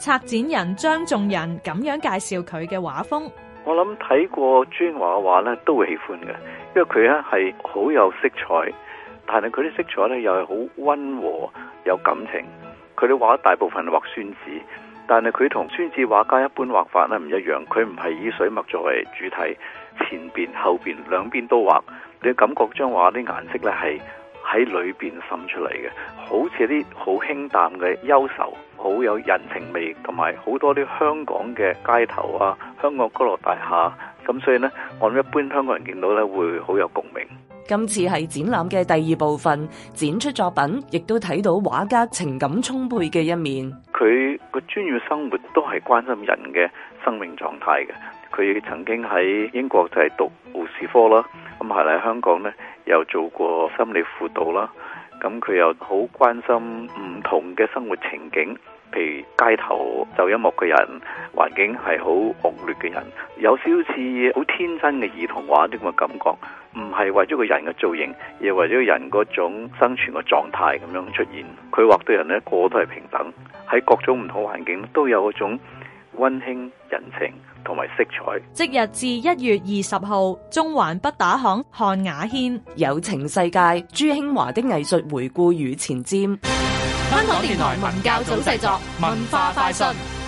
策展人張仲仁咁樣介紹佢嘅畫風，我諗睇過專畫嘅畫咧都會喜歡嘅，因為佢咧係好有色彩，但係佢啲色彩咧又係好溫和，有感情。佢嘅畫大部分畫宣紙，但係佢同宣紙畫家一般畫法咧唔一樣，佢唔係以水墨作為主題，前邊、後邊兩邊都畫，你感覺張畫啲顏色咧係喺裏邊滲出嚟嘅，好似啲好清淡嘅憂愁。好有人情味，同埋好多啲香港嘅街頭啊，香港高樓大廈，咁所以呢，我哋一般香港人見到咧，會好有共鳴。今次係展覽嘅第二部分，展出作品，亦都睇到畫家情感充沛嘅一面。佢個專業生活都係關心人嘅生命狀態嘅。佢曾經喺英國就係讀護士科啦，咁係嚟香港咧。又做過心理輔導啦，咁佢又好關心唔同嘅生活情景，譬如街頭奏音樂嘅人，環境係好惡劣嘅人，有少少似好天真嘅兒童畫啲咁嘅感覺，唔係為咗個人嘅造型，而為咗人嗰種生存嘅狀態咁樣出現。佢畫對人呢，個個都係平等，喺各種唔同環境都有一種。溫馨、人情同埋色彩， 即日至一月二十號，中環畢打行，漢雅軒，友情世界朱興華的藝術回顧與前瞻。香港電台文教組製作，文化快訊。